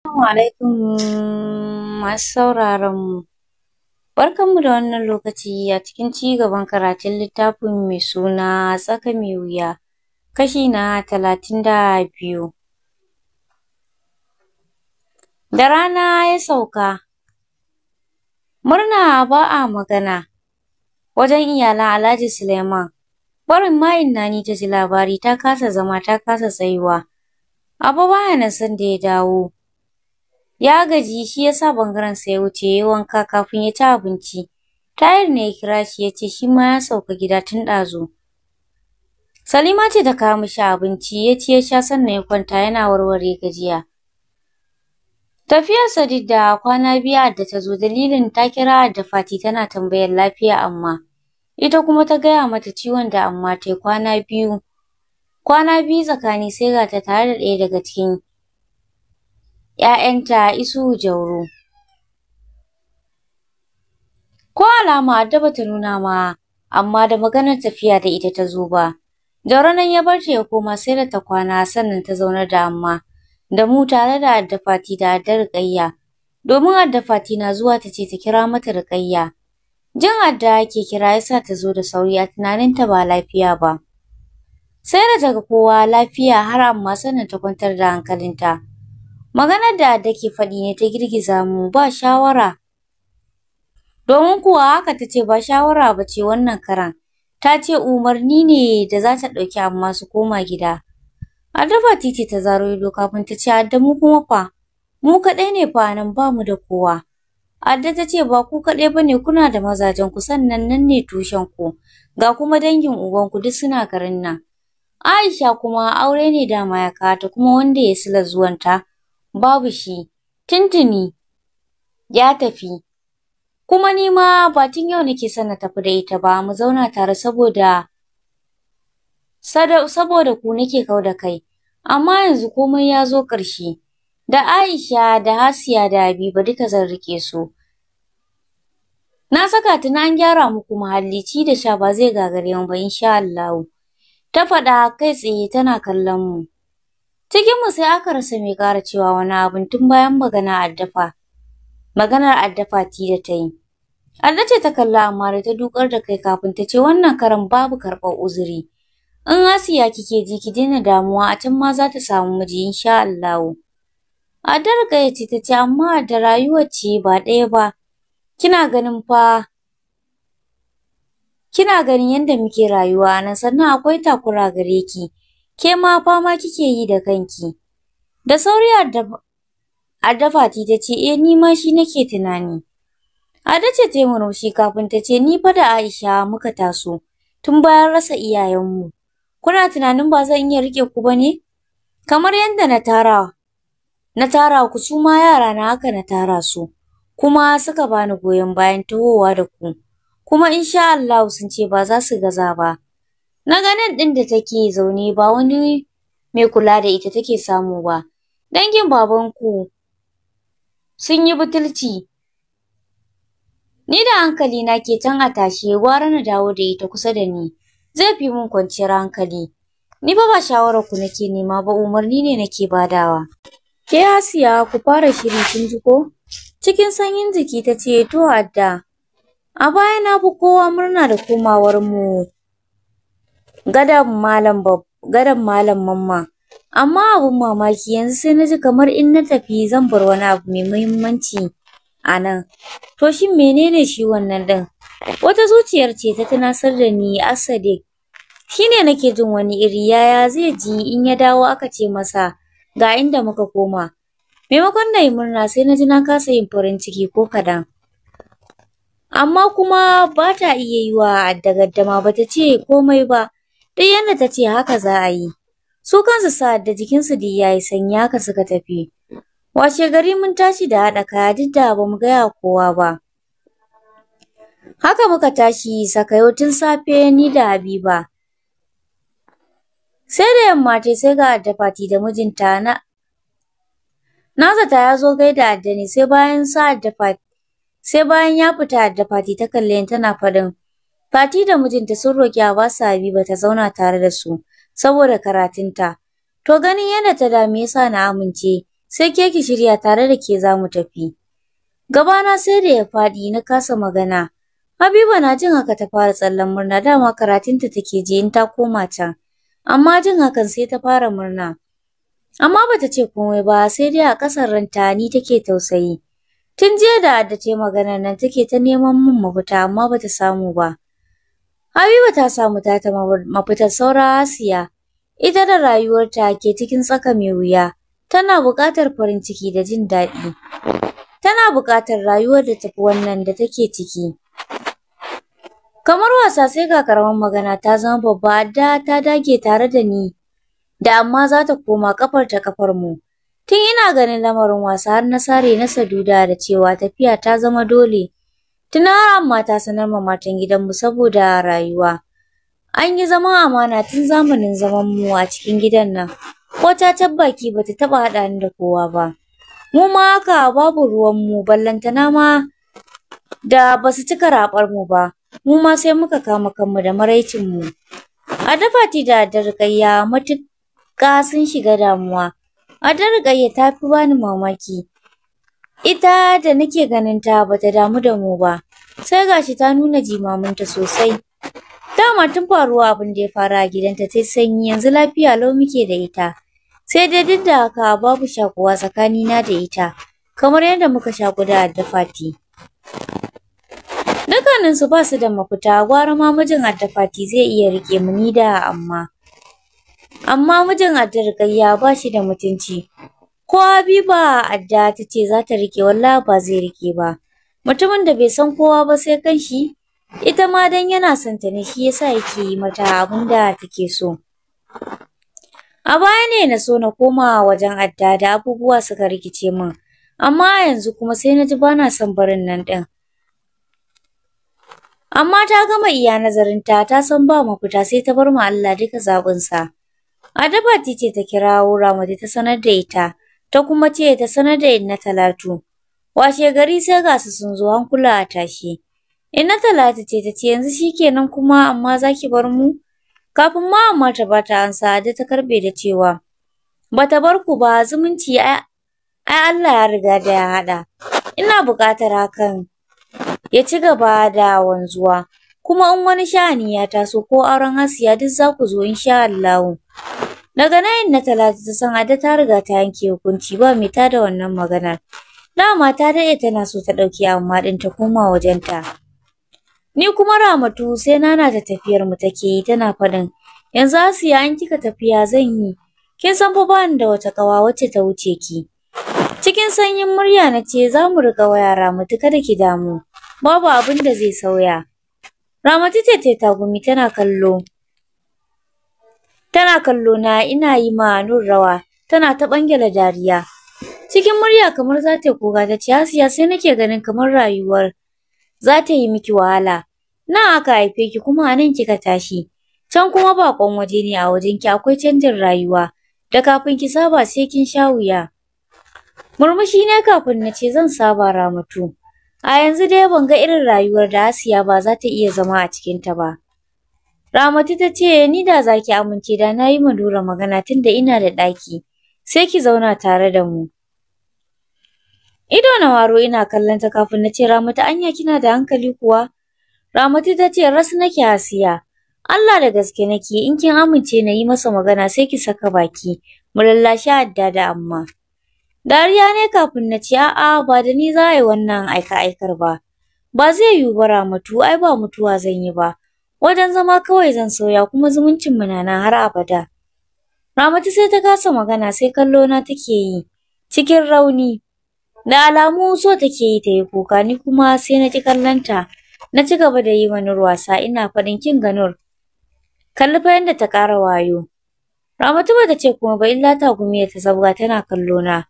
Assalamu masu sauraron mu. Barkanmu da wannan lokaci a cikin ci gaban karatun littafin mai suna tsaka mai wuya kashi na talatin da biyu. Da rana ya sauka murna ba a magana wajen iyalan Alhaji Suleiman. Barin mayin ni ta ji labari ta kasa zama ta kasa tsayuwa. Abu ba ya nan da ya dawo. Ya gaji shi yasa bangaren sa ya wuce yayi wanka kafin ya ci abinci. Tahir ne ya kira shi ya ce shi ma ya sauka gida tun ɗazu. Salima ce ta kawo mishi abinci ya ci ya sha sannan ya kwanta yana warware gajiya. Tafiyar Sadiq da kwana biyu da ta zo dalilin ta kira da Fati tana tambayar lafiya amma ita kuma ta gaya mata ciwon da amma tai kwana biyu. Kwana biyu tsakani sai ga ta tare da ɗaya daga cikin ‘ya'yanta isu Jauro. Ko alama Adda bata nuna ma, amma da maganar tafiya da ita ta zo ba. Jauro nan ya bar ta ya koma sai da ta kwana sannan ta zauna da amma da mu tare da Adda Fati da Adda Rukayya. Domin Adda Fati na zuwa ta ce ta kira mata Rukayya. Jin Adda ake kira ya sa ta zo da sauri a tunaninta ba lafiya ba. Sai da ta ga kowa lafiya har amma sannan ta kwantar da hankalinta. Maganar da ke faɗi ne ta girgiza mu ba shawara. Domin kuwa haka ta ce ba shawara ba ce wannan karan. Ta ce umarni ne da za ta ɗauki amma su koma gida. Adaba titi ta zaro ido kafin ta ce Adda mu kuma fa. Mu kaɗai ne fa nan ba mu da kowa. Adda ta ce ba ku kaɗai ba ne kuna da mazajen ku sannan nan ne tushen ku. Ga kuma dangin ubanku duk suna garin nan. Aisha kuma aure ne dama ya kata kuma wanda ya sila zuwanta. babu shi tuntuni ya tafi, kuma ni ma ba tun yau nake son na tafi da ita ba mu zauna tare saboda saboda ku nake kau da kai, amma yanzu komai ya zo ƙarshe. Da Aisha da Hasiya da Habiba duka zan rike su. Na saka tuna an gyara muku muhalli ci da sha ba zai gagare mu ba insha Allah. Ta faɗa kai tsaye tana kallon mu. Cikinmu sai aka rasa mai ƙara cewa wani abun tun bayan magana addafa. Maganar addafa ti da ta yi. ce ta kalla amma da ta dukar da kai kafin ta ce wannan karan babu karɓar uzuri. In Asiya kike ji ki daina damuwa a can ma za ta samu miji insha Allahu. Adda rigaya ce ta ce amma da rayuwar ce ba ɗaya ba. Kina ganin fa kina ganin yadda muke rayuwa nan sannan akwai takura gare ki. ke ma fama kike yi da kanki. Da sauri ti ta ce, eh ni ma shi nake tunani. Ada ce ta yi murmushi kafin ta ce, ni fa da Aisha muka taso, tun bayan rasa iyayenmu. Kuna tunanin ba zan iya riƙe ku ba ne? Kamar yadda na tara, na tara ku su ma yara na haka na tara su, kuma suka bani goyon bayan tahowa da ku. Kuma insha Allah sun ce ba za su gaza ba. Na ga nan ɗin da take zaune ba wani mai kula da ita take samu ba. Dangin babanku sun yi butulci. Ni da hankali na ke can a tashe gwara na dawo da ita kusa da ni. Zai fi mun kwanciyar hankali. Ni ba ba shawarar ku nake nema ba umarni ne nake badawa. Ke Asiya ku fara shiri kin ji ko? Cikin sanyin jiki ta ce to adda. A baya na fi kowa murna da komawar mu gadon malam bab gadon malam mamma amma abun mamaki yanzu sai na ji kamar in na tafi zan bar wani abu mai muhimmanci a nan to shin menene shi wannan din? wata zuciyar ce ta tunasar da ni asadik shine nake jin wani iri yaya zai ji in ya dawo aka ce masa ga inda muka koma maimakon na yi murna sai na ji na kasa yin farin ciki ko kaɗan amma kuma ba ta iya yiwa, wa ba ta ce komai ba Duk yadda ta ce haka za a yi. Su kansu sa'ad da jikinsu duk ya yi sanyi haka suka tafi. Washe gari mun tashi da haɗa kaya duk da ba mu gaya kowa ba. Haka muka tashi sakayo tun safe ni da Habiba. Sai da yamma ce sai ga Adda Fati da mijinta na Nazata ya zo gaida Adda ne sai bayan sa da Fati sai bayan ya fita Adda Fati ta kalle tana faɗin Fati da mijinta sun roƙi a basu Habiba ta zauna tare da su saboda karatunta. To ganin yadda ta damu ya sa na amince, sai ke ki shirya tare da ke za mu tafi. Gabana sai da ya faɗi na kasa magana. Habiba na jin haka ta fara tsallen murna dama karatunta take je in ta koma can. Amma jin hakan sai ta fara murna. Amma bata ce komai ba sai dai a ƙasar ranta ni take tausayi. Tun jiya da Adda ta yi maganar nan take ta neman min mafita amma bata samu ba. Habiba ta samu ta ta mafitar saura Asiya. Ita da rayuwarta ke cikin tsaka mai wuya, tana buƙatar farin ciki da jin daɗi. Tana buƙatar rayuwar da tafi wannan da take ciki. Kamar wasa sai ga ƙaramar magana ta zama babba da ta dage tare da ni, da amma za ta koma ƙafar ta ƙafar mu. Tun ina ganin lamarin wasa har na sare na saduda da cewa tafiya ta zama dole. tunara mata sanar ma matan gidanmu saboda rayuwa. An yi zaman amana tun zamanin zaman mu a cikin gidan nan. Ko ta tabbaki ba ta taɓa haɗa ni da kowa ba. Mu ma haka babu ruwanmu ballantana ma da ba su cika mu ba. Mu ma sai muka kama kanmu da maraicinmu. Adafati da darƙayya matuƙa sun shiga damuwa. Adarƙayya ta fi bani mamaki. ita da nake ganin ta bata damu da mu ba sai gashi ta nuna ta sosai dama tun faruwa abin ya fara a gidanta tai sanyi yanzu lafiya lau muke da ita sai dai duk da haka babu shakuwa tsakani na da ita kamar yadda muka shaku da Addafati dukkanin ba su da mafita gwara ma mijin Addafati zai iya rike mu ni da amma amma mijin Addarƙayya ba shi da mutunci ko Habiba adda ta ce za ta riƙe wallahi ba zai rike ba. Mutumin da bai san kowa ba sai kanshi, ita ma dan yana son ta ne shi yasa yake yi mata abin da take so. A baya ne na so na koma wajen adda da abubuwa suka rikice min, amma yanzu kuma sai na ji ba na son barin nan ɗin. Amma ta gama iya nazarinta ta san ba mafita sai ta bar ma Allah duka zaɓinsa. adabati ce ta kirawo Ramadi ta sanar da ita. ta kuma ce ta sanar da inna Talatu. Washe gari sai ga su sun zo hankula a tashi. Inna Talatu ce ta ce yanzu shikenan kuma amma zaki bar mu? Kafin ma amma ta ba ansa da ta karbe da cewa bata bar ku ba zumunci ai Allah ya riga da ya haɗa. Ina buƙatar hakan ya ci gaba da wanzuwa. Kuma in wani sha'ani ya taso ko auren Hasiya duk za ku zo insha Allahu. Daga nan na Talatu ta san Ada ta riga ta yanke hukunci ba mai tada da wannan maganar. Dama ta daɗe tana so ta ɗauki amma ɗin ta koma wajenta. Ni kuma Ramatu sai nana ta tafiyar mu take yi tana faɗin yanzu Asiya in kika tafiya zan yi. Kin san fa bani da wata ƙawa wacce ta wuce ki. Cikin sanyin murya na ce za mu riƙa waya Ramatu kada ki damu. Babu abin da zai sauya. Ramatu ce ta tagumi tana kallo. Tana kallo na ina yi ma Nur rawa, tana ta ɓangare dariya. Cikin murya kamar za ta koga ta ce, siya sai nake ganin kamar rayuwar za ta yi miki wahala. Na aka haife ki kuma a nan kika tashi. Can kuma baƙon waje ne a wajen ki akwai canjin rayuwa. Da kafin ki saba sai kin sha wuya. Murmushi ne kafin na ce zan saba Ramatu. A yanzu dai ban ga irin rayuwar da Asiya ba za ta iya zama a cikinta ba. Ramatu ta ce ni da za ki amince da na yi ma Nura magana tunda ina da ɗaki sai ki zauna tare da mu. Ido na waro ina kallon ta kafin na ce Ramatu anya kina da hankali kuwa? Ramatu ta ce ras nake hasiya. Allah da gaske nake in kin amince na yi masa magana sai ki saka baki mu lallashi adda da amma. Dariya ne kafin na ce a'a ba da ni za a yi wannan aika-aikar ba. Ba zai yiwu ba Ramatu ai ba mutuwa zan yi ba. Wajen zama kawai zan sauya kuma zumuncin zumuncinmu na nan har abada. Ramatu sai ta kasa magana sai kallo na take yi cikin rauni. Da alamu so take yi ta yi kuka ni kuma sai na ƙi kallonta. Na ci gaba da yi wa Nur wasa ina faɗin kin ganur. Nur. Kalli fa ta ƙara wayo. Ramatu bata ce kuma ba illa ta gumiya ta zabga tana kallo na.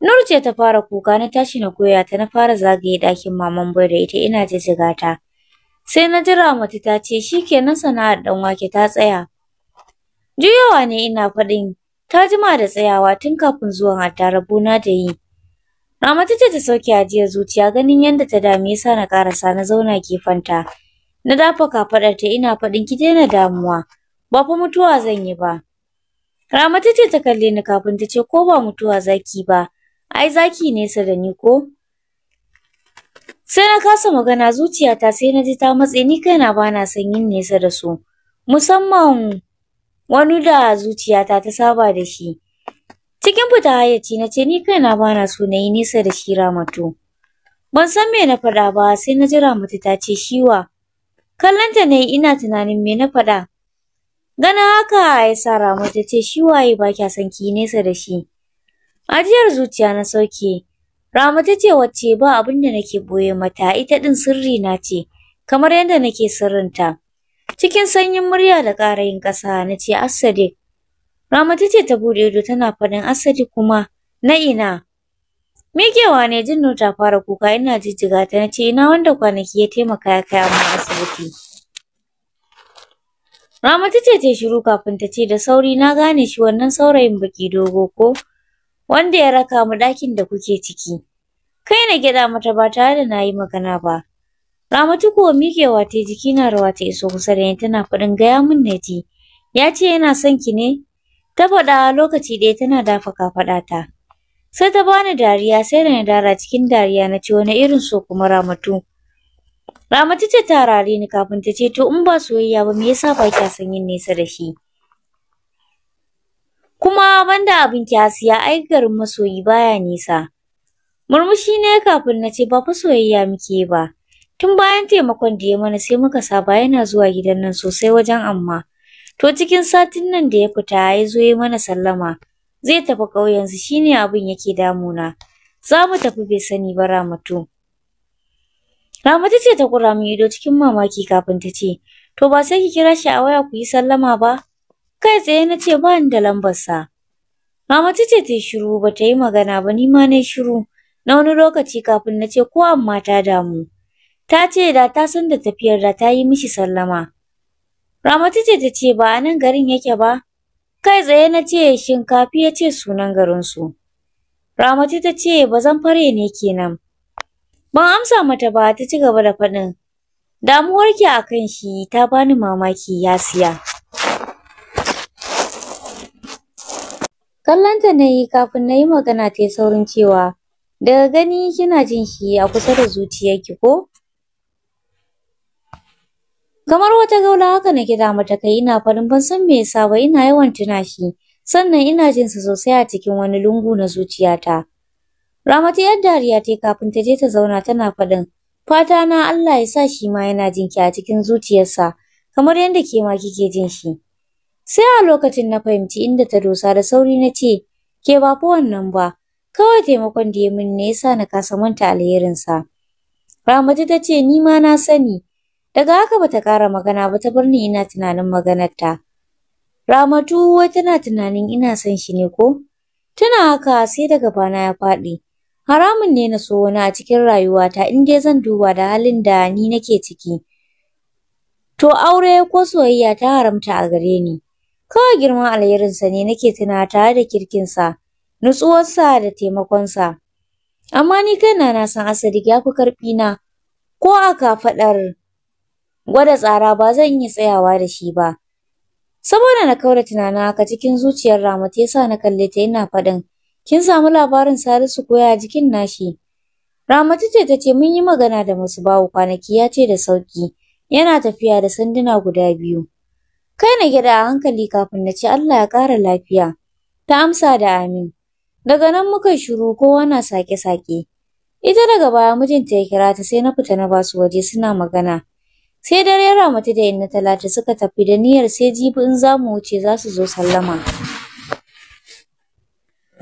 Nur ce ta fara kuka na tashi na goya ta na fara zagaye ɗakin maman boy da ita ina jijjiga ta. Sai na jira mace ta ce shi sana'ar sana'ar wake ta tsaya. Juyawa ne ina faɗin ta jima da tsayawa tun kafin zuwan na da yi. Ramatu ce ta sauke ajiyar zuciya ganin yadda ta dame sa na ƙarasa na zauna gefenta. Na dafa ta ina faɗin ki daina damuwa ba fa mutuwa zan yi ba. Ramatu ce ta kalle ni kafin ta ce ko ba mutuwa zaki ba ai zaki nesa da ni ko? Sai na kasa magana zuciyata sai na ji ta matse ni kaina ba na son yin nesa da su. Musamman wani da zuciyata ta saba da shi. Cikin fita hayyaci na ce ni kaina ba na so na yi nesa da shi Ramatu. Ban san me na faɗa ba sai na ji Ramatu ta ce shiwa. Kallonta na ina tunanin me na faɗa. Ganin haka ya sa Ramatu ta ce shi waye ba kya son ki nesa da shi. Ajiyar zuciya na sauke. Rama ta ce wacce ba abin da nake boye mata, ita ɗin sirri na ce, kamar yadda nake sirrinta. Cikin sanyin murya da ƙarayin ƙasa na ce Asadik. Rama ta ce ta bude ido tana faɗin Asadik kuma na ina. mikewa ne jin ta fara kuka ina jijjiga ta na ce ina wanda kwanaki ya taimaka ya kai mu asibiti. Rama ta ce ta shiru kafin ta ce da sauri na gane shi wannan saurayin baki dogo ko. wanda ya raka mu ɗakin da kuke ciki. Kai na gyaɗa mata ba tare da na yi magana ba. Ramatu kuwa miƙewa ta jiki na rawa ta iso kusa da ni tana faɗin gaya min na ji. Ya ce yana son ki ne? Ta faɗa lokaci ɗaya tana dafa kafaɗata. Sai ta bani dariya sai da na dara cikin dariya na ce wani irin so kuma Ramatu. Ramatu ce ta rare ni kafin ta ce to in ba soyayya ba me yasa ba kya son yin nesa da shi? Kuma banda abin kiyasi ai garin masoyi baya nisa. Murmushi ne kafin na ce ba fa soyayya muke ba. Tun bayan taimakon da ya mana sai muka saba yana zuwa gidan nan sosai wajen amma. To cikin satin nan da ya fita ya zo ya mana sallama. Zai tafi ƙauyensu shine abin yake damuna. Za mu tafi bai sani ba Ramatu. Ramatu ce ta kura mu ido cikin mamaki kafin ta ce, to ba sai ki kira shi a waya ku yi sallama ba? Kai tsaye na ce ba ni da lambarsa. Ramatu ce ta shiru ba ta yi magana ba ni ma na shiru na wani lokaci kafin na ce ko amma ta damu. Ta ce da ta san da tafiyar da ta yi mishi sallama. Ramatu ce ta ce ba a nan garin yake ba. Kai tsaye na ce shinkafi ya ce sunan garinsu. Ramatu ta ce ba zan fare ne kenan. Ban amsa mata ba ta ci gaba da faɗin. Damuwarki a kan shi ta bani mamaki ya siya. kallon ta nayi kafin nayi magana ta yi saurin cewa, daga gani kina jin shi a kusa da zuciyarki ko? Kamar wata gaula haka na da mata kai ina farin ban san me yasa ba ina yawan tuna shi, sannan ina jin sa sosai a cikin wani lungu na zuciyata. ramata yar dariya ta kafin ta je ta zauna tana faɗin, fata na Allah ya sa shi ma yana jin ki a cikin zuciyarsa kamar yadda ke ma kike jin shi. Sai a lokacin na fahimci inda ta dosa da sauri na ce, ke ba fi wannan ba, kawai taimakon da ya min ne yasa na kasa manta alherinsa. Ramatu ta ce ni ma na sani, daga haka bata ƙara magana ba ta bar ni ina tunanin maganarta. Ramatu wai tana tunanin ina son shi ne ko? Tana haka sai daga bana ya faɗi. Haramun ne na so wani a cikin rayuwata in dai zan duba da halin da ni nake ciki. To aure ko soyayya ta haramta a gare ni. Kawai girman alherinsa ne nake tuna tare da kirkinsa, nutsuwarsa da taimakonsa. Amma ni kaina na san Asadik ya fi na, ko a kafaɗar gwada tsara ba zan iya tsayawa da shi ba. Saboda na kaura tunanin haka cikin zuciyar Ramatu ya sa na kalle ta ina faɗin, kin samu labarin Salisu koya ya jikin nashi? Ramatu ce ta ce mun yi magana da masu bawu kwanaki ya ce da sauki yana tafiya da sanduna guda biyu. Kai na gida a hankali kafin na ce Allah ya ƙara lafiya. Ta amsa da amin. Daga nan muka shiru kowa na sake-sake. Ita daga baya mijinta ya kira ta sai na fita na basu waje suna magana. sai dare ramatu da inna Talatu suka tafi da niyyar sai jibi in za mu wuce za su zo sallama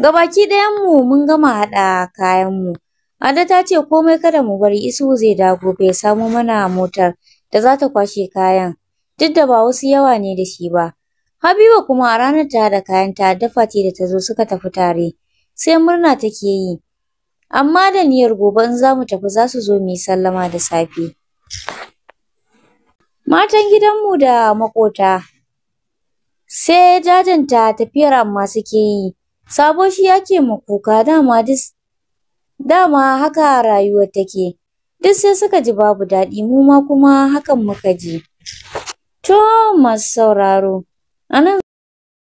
Ga baki ɗayan mu mun gama haɗa kayan mu. ada ta ce komai kada mu bari isu zai dago gobe ya samo mana motar da za ta kwashe kayan duk da ba wasu yawa ne da shi ba. Habiba kuma a ranar ta da ta dafa ce da ta zo suka tafi tare, sai murna take yi. Amma da niyyar gobe in za mu tafi za su zo mu yi sallama da safe. Matan gidanmu da maƙota sai jajanta tafiyar amma suke yi. Sabo shi yake ma kuka dama dis dama haka rayuwar take. Duk sai suka ji babu daɗi mu ma kuma hakan muka ji. To masu sauraro, anan